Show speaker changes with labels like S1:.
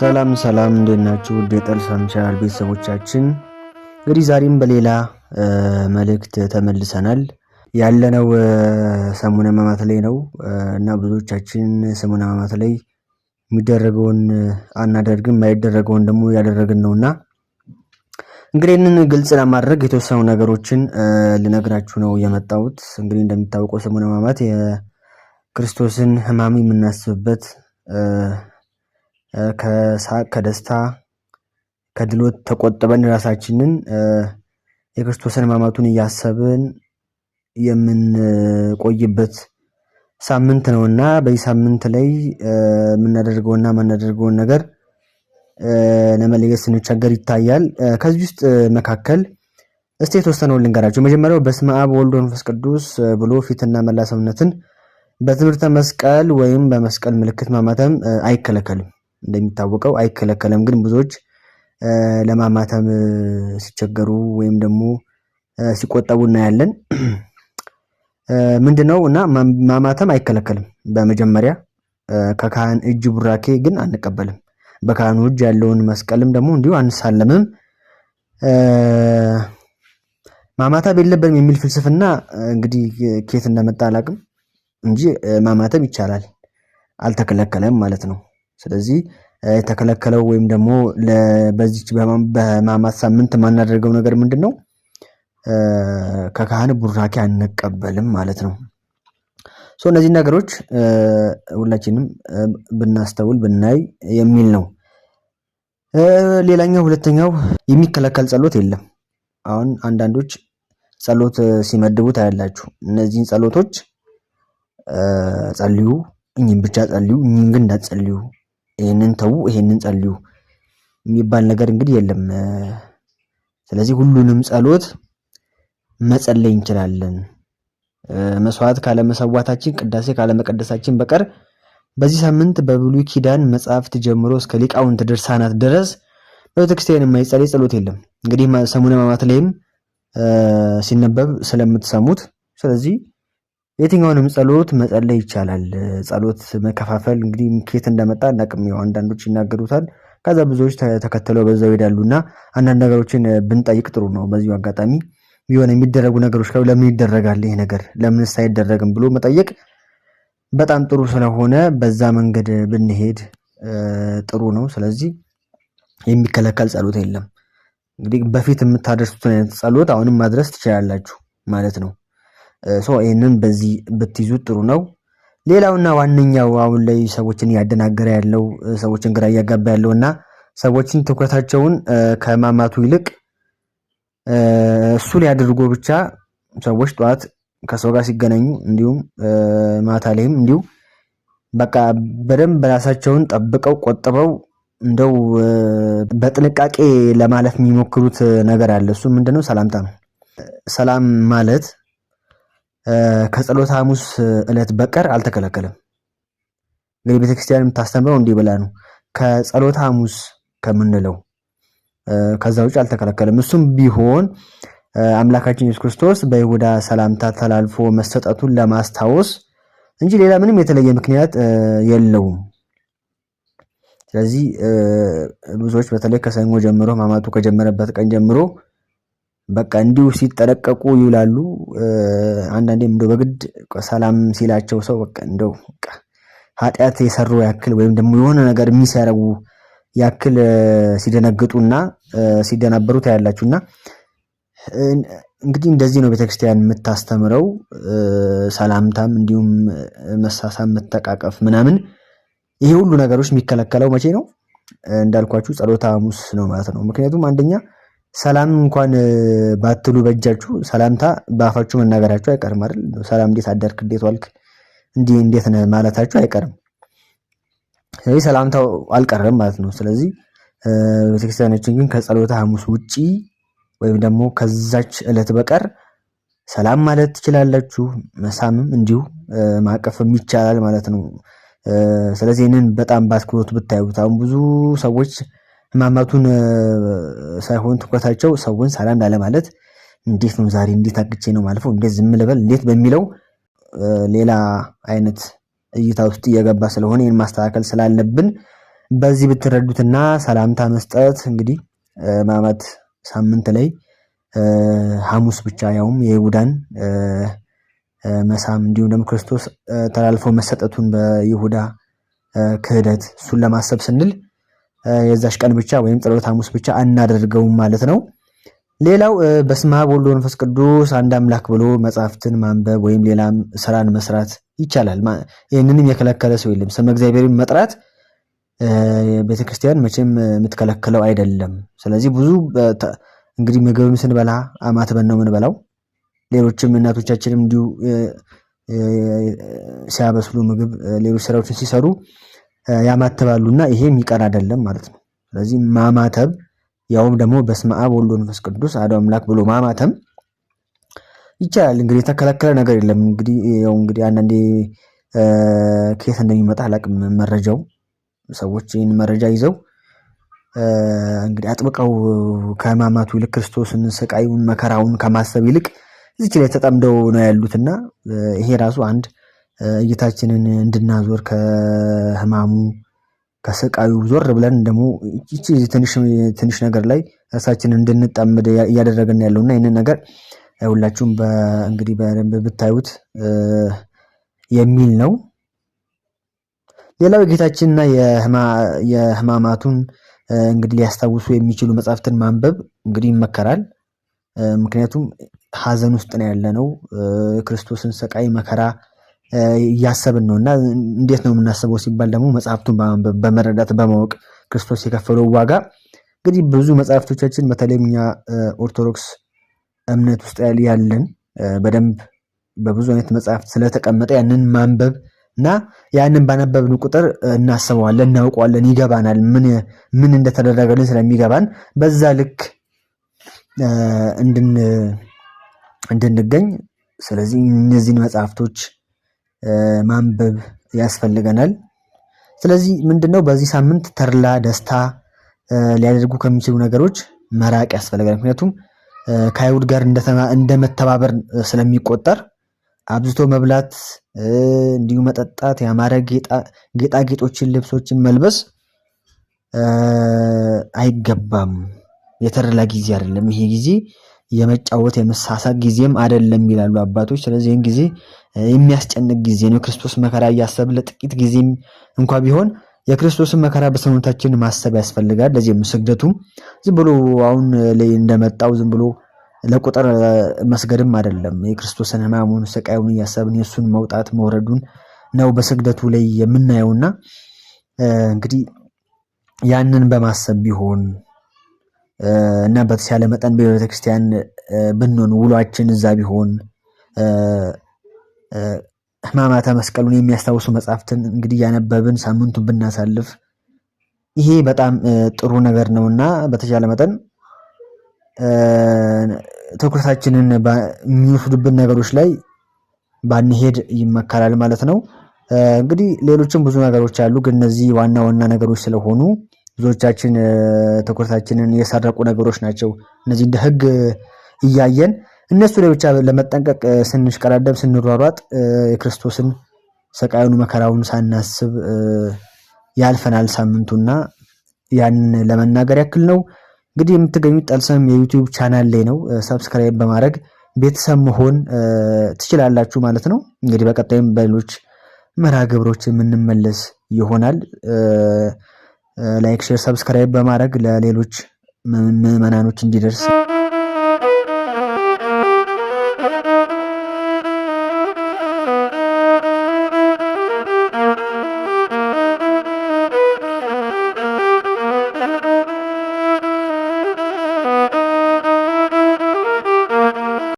S1: ሰላም ሰላም፣ እንዴት ናችሁ? ውድ የጠልሳም ቤተሰቦቻችን፣ እንግዲህ ዛሬም በሌላ መልእክት ተመልሰናል። ያለነው ሰሙነ ሕማማት ላይ ነው እና ብዙዎቻችን ሰሙነ ሕማማት ላይ የሚደረገውን አናደርግም፣ የማይደረገውን ደግሞ ያደረግን ነውና እንግዲህ ይህንን ግልጽ ለማድረግ የተወሰኑ ነገሮችን ልነግራችሁ ነው የመጣሁት። እንግዲህ እንደሚታወቀው ሰሙነ ሕማማት የክርስቶስን ሕማም የምናስብበት ከሳቅ ከደስታ ከድሎት ተቆጥበን ራሳችንን የክርስቶስን ሕማማቱን እያሰብን የምንቆይበት ሳምንት ነውና በዚህ ሳምንት ላይ የምናደርገውና የማናደርገውን ነገር ለመለየት ስንቸገር ይታያል። ከዚህ ውስጥ መካከል እስቲ የተወሰነውን ልንገራቸው። መጀመሪያው በስመ አብ ወልድ ቅዱስ ብሎ ፊትና መላ ሰውነትን በትምህርተ መስቀል ወይም በመስቀል ምልክት ማማተም አይከለከልም። እንደሚታወቀው አይከለከለም። ግን ብዙዎች ለማማተም ሲቸገሩ ወይም ደግሞ ሲቆጠቡ እናያለን። ምንድን ነው እና ማማተም አይከለከልም። በመጀመሪያ ከካህን እጅ ቡራኬ ግን አንቀበልም። በካህኑ እጅ ያለውን መስቀልም ደግሞ እንዲሁ አንሳለምም። ማማተብ የለብንም የሚል ፍልስፍና እንግዲህ ኬት እንደመጣ አላቅም እንጂ ማማተብ ይቻላል፣ አልተከለከለም ማለት ነው። ስለዚህ የተከለከለው ወይም ደግሞ በዚች በሕማማት ሳምንት የማናደርገው ነገር ምንድን ነው? ከካህን ቡራኬ አንቀበልም ማለት ነው። እነዚህ ነገሮች ሁላችንም ብናስተውል ብናይ የሚል ነው። ሌላኛው ሁለተኛው የሚከለከል ጸሎት የለም። አሁን አንዳንዶች ጸሎት ሲመድቡ ታያላችሁ። እነዚህን ጸሎቶች ጸልዩ፣ እኝም ብቻ ጸልዩ፣ እኚህን ግን እንዳትጸልዩ ይሄንን ተዉ፣ ይሄንን ጸልዩ የሚባል ነገር እንግዲህ የለም። ስለዚህ ሁሉንም ጸሎት መጸለይ እንችላለን። መስዋዕት ካለመሰዋታችን፣ ቅዳሴ ካለመቀደሳችን በቀር በዚህ ሳምንት በብሉይ ኪዳን መጽሐፍት ጀምሮ እስከ ሊቃውንት ድርሳናት ድረስ በቤተክርስቲያን የማይጸለይ ጸሎት የለም። እንግዲህ ሰሙነ ሕማማት ላይም ሲነበብ ስለምትሰሙት ስለዚህ የትኛውንም ጸሎት መጸለይ ይቻላል። ጸሎት መከፋፈል እንግዲህ ከየት እንደመጣ አናቅም። ያው አንዳንዶች ይናገሩታል፣ ከዛ ብዙዎች ተከትለው በዛው ይሄዳሉ እና አንዳንድ ነገሮችን ብንጠይቅ ጥሩ ነው። በዚሁ አጋጣሚ ቢሆን የሚደረጉ ነገሮች ለምን ይደረጋል ይሄ ነገር ለምንስ አይደረግም ብሎ መጠየቅ በጣም ጥሩ ስለሆነ በዛ መንገድ ብንሄድ ጥሩ ነው። ስለዚህ የሚከለከል ጸሎት የለም። እንግዲህ በፊት የምታደርሱትን አይነት ጸሎት አሁንም ማድረስ ትችላላችሁ ማለት ነው። ይህንን በዚህ ብትይዙ ጥሩ ነው። ሌላውና ዋነኛው አሁን ላይ ሰዎችን እያደናገረ ያለው ሰዎችን ግራ እያጋባ ያለው እና ሰዎችን ትኩረታቸውን ከማማቱ ይልቅ እሱ ሊያደርጎ ብቻ ሰዎች ጠዋት ከሰው ጋር ሲገናኙ እንዲሁም ማታ ላይም እንዲሁ በቃ በደንብ ራሳቸውን ጠብቀው ቆጥበው እንደው በጥንቃቄ ለማለት የሚሞክሩት ነገር አለ። እሱ ምንድነው? ሰላምታ ነው። ሰላም ማለት ከጸሎተ ሐሙስ ዕለት በቀር አልተከለከለም። እንግዲህ ቤተክርስቲያን የምታስተምረው እንዲህ ብላ ነው ከጸሎተ ሐሙስ ከምንለው ከዛ ውጭ አልተከለከለም። እሱም ቢሆን አምላካችን ኢየሱስ ክርስቶስ በይሁዳ ሰላምታ ተላልፎ መሰጠቱን ለማስታወስ እንጂ ሌላ ምንም የተለየ ምክንያት የለውም። ስለዚህ ብዙዎች በተለይ ከሰኞ ጀምሮ ሕማማቱ ከጀመረበት ቀን ጀምሮ በቃ እንዲሁ ሲጠረቀቁ ይውላሉ። አንዳንዴም እንደው በግድ ሰላም ሲላቸው ሰው በቃ እንደው ኃጢአት የሰሩ ያክል ወይም ደግሞ የሆነ ነገር የሚሰረው ያክል ሲደነግጡና ሲደናበሩ ታያላችሁ። እና እንግዲህ እንደዚህ ነው ቤተክርስቲያን የምታስተምረው። ሰላምታም፣ እንዲሁም መሳሳም፣ መተቃቀፍ ምናምን ይሄ ሁሉ ነገሮች የሚከለከለው መቼ ነው? እንዳልኳችሁ ጸሎተ ሐሙስ ነው ማለት ነው። ምክንያቱም አንደኛ ሰላም እንኳን ባትሉ በእጃችሁ ሰላምታ በአፋችሁ መናገራችሁ አይቀርም አይደል? ሰላም እንዴት አደርክ፣ እንዴት ዋልክ፣ እንዲህ እንዴት ነህ ማለታችሁ አይቀርም። ስለዚህ ሰላምታው አልቀረም ማለት ነው። ስለዚህ ቤተክርስቲያኖችን ግን ከጸሎተ ሐሙስ ውጪ ወይም ደግሞ ከዛች ዕለት በቀር ሰላም ማለት ትችላላችሁ። መሳምም እንዲሁ ማቀፍም ይቻላል ማለት ነው። ስለዚህ ይህንን በጣም በአትኩሮት ብታዩት አሁን ብዙ ሰዎች ህማማቱን ሳይሆን ትኩረታቸው ሰውን ሰላም ላለማለት እንዴት ነው ዛሬ እንዴት አግቼ ነው ማለፈው እንዴት ዝም ልበል እንዴት በሚለው ሌላ አይነት እይታ ውስጥ እየገባ ስለሆነ ይህን ማስተካከል ስላለብን በዚህ ብትረዱትና ሰላምታ መስጠት እንግዲህ ህማማት ሳምንት ላይ ሐሙስ ብቻ ያውም የይሁዳን መሳም እንዲሁም ደግሞ ክርስቶስ ተላልፎ መሰጠቱን በይሁዳ ክህደት እሱን ለማሰብ ስንል የዛሽ ቀን ብቻ ወይም ጸሎተ ሐሙስ ብቻ አናደርገውም ማለት ነው። ሌላው በስመ አብ ወወልድ ወመንፈስ ቅዱስ አንድ አምላክ ብሎ መጽሐፍትን ማንበብ ወይም ሌላም ስራን መስራት ይቻላል። ይህንንም የከለከለ ሰው የለም። ስመ እግዚአብሔርን መጥራት ቤተክርስቲያን መቼም የምትከለክለው አይደለም። ስለዚህ ብዙ እንግዲህ ምግብም ስንበላ አማትበን ነው የምንበላው። ሌሎችም እናቶቻችንም እንዲሁ ሲያበስሉ ምግብ ሌሎች ስራዎችን ሲሰሩ ያማተባሉና ይሄ የሚቀር አይደለም ማለት ነው። ስለዚህ ማማተብ ያውም ደግሞ በስመ አብ ወልድ ወመንፈስ ቅዱስ አሐዱ አምላክ ብሎ ማማተም ይቻላል። እንግዲህ የተከለከለ ነገር የለም። እንግዲህ ያው እንግዲህ አንዳንዴ ከየት እንደሚመጣ አላቅም መረጃው ሰዎች ይህን መረጃ ይዘው እንግዲህ አጥብቀው ከህማማቱ ይልቅ ክርስቶስን ስቃዩን መከራውን ከማሰብ ይልቅ እዚች ላይ ተጠምደው ነው ያሉትና ይሄ ራሱ አንድ እይታችንን እንድናዞር ከህማሙ ከስቃዩ ዞር ብለን ደግሞ ትንሽ ነገር ላይ እርሳችን እንድንጠምድ እያደረገን ያለው እና ይህንን ነገር ሁላችሁም እንግዲህ በደንብ ብታዩት የሚል ነው። ሌላው የጌታችንና የህማማቱን እንግዲህ ሊያስታውሱ የሚችሉ መጽሐፍትን ማንበብ እንግዲህ ይመከራል። ምክንያቱም ሀዘን ውስጥ ነው ያለ ነው። ክርስቶስን ሰቃይ መከራ እያሰብን ነው እና እንዴት ነው የምናስበው ሲባል ደግሞ መጽሐፍቱን በመረዳት በማወቅ ክርስቶስ የከፈለው ዋጋ እንግዲህ ብዙ መጽሐፍቶቻችን በተለይም እኛ ኦርቶዶክስ እምነት ውስጥ ያለን በደንብ በብዙ አይነት መጽሐፍት ስለተቀመጠ ያንን ማንበብ እና ያንን ባነበብን ቁጥር እናስበዋለን፣ እናውቀዋለን፣ ይገባናል። ምን እንደተደረገልን ስለሚገባን በዛ ልክ እንድንገኝ ስለዚህ እነዚህን መጽሐፍቶች ማንበብ ያስፈልገናል። ስለዚህ ምንድነው በዚህ ሳምንት ተርላ ደስታ ሊያደርጉ ከሚችሉ ነገሮች መራቅ ያስፈልጋል። ምክንያቱም ከአይሁድ ጋር እንደመተባበር ስለሚቆጠር አብዝቶ መብላት፣ እንዲሁ መጠጣት፣ ያማረ ጌጣጌጦችን፣ ልብሶችን መልበስ አይገባም። የተርላ ጊዜ አይደለም ይሄ ጊዜ የመጫወት የመሳሳ ጊዜም አይደለም ይላሉ አባቶች። ስለዚህ ይህን ጊዜ የሚያስጨንቅ ጊዜ ነው። የክርስቶስ መከራ እያሰብ ለጥቂት ጊዜ እንኳ ቢሆን የክርስቶስን መከራ በሰውነታችን ማሰብ ያስፈልጋል። ለዚህም ስግደቱም ዝም ብሎ አሁን ላይ እንደመጣው ዝም ብሎ ለቁጥር መስገድም አይደለም። የክርስቶስን ሕማሙን ስቃዩን እያሰብን የእሱን መውጣት መውረዱን ነው በስግደቱ ላይ የምናየውና እንግዲህ ያንን በማሰብ ቢሆን እና በተቻለ መጠን በቤተክርስቲያን ብንሆን ውሏችን እዛ ቢሆን ሕማማተ መስቀሉን የሚያስታውሱ መጽሐፍትን እንግዲህ እያነበብን ሳምንቱን ብናሳልፍ ይሄ በጣም ጥሩ ነገር ነው እና በተቻለ መጠን ትኩረታችንን የሚወስዱብን ነገሮች ላይ ባንሄድ ይመከራል ማለት ነው። እንግዲህ ሌሎችም ብዙ ነገሮች አሉ፣ ግን እነዚህ ዋና ዋና ነገሮች ስለሆኑ ብዙዎቻችን ትኩረታችንን የሰረቁ ነገሮች ናቸው። እነዚህ እንደ ህግ እያየን እነሱ ላይ ብቻ ለመጠንቀቅ ስንሽቀዳደም ስንሯሯጥ የክርስቶስን ሰቃዩን መከራውን ሳናስብ ያልፈናል ሳምንቱና ያንን ለመናገር ያክል ነው። እንግዲህ የምትገኙት ጠልሰም የዩቲዩብ ቻናል ላይ ነው። ሰብስክራይብ በማድረግ ቤተሰብ መሆን ትችላላችሁ ማለት ነው። እንግዲህ በቀጣይም በሌሎች መርሃ ግብሮች የምንመለስ ይሆናል። ላይክ፣ ሼር፣ ሰብስክራይብ በማድረግ ለሌሎች ምዕመናኖች እንዲደርስ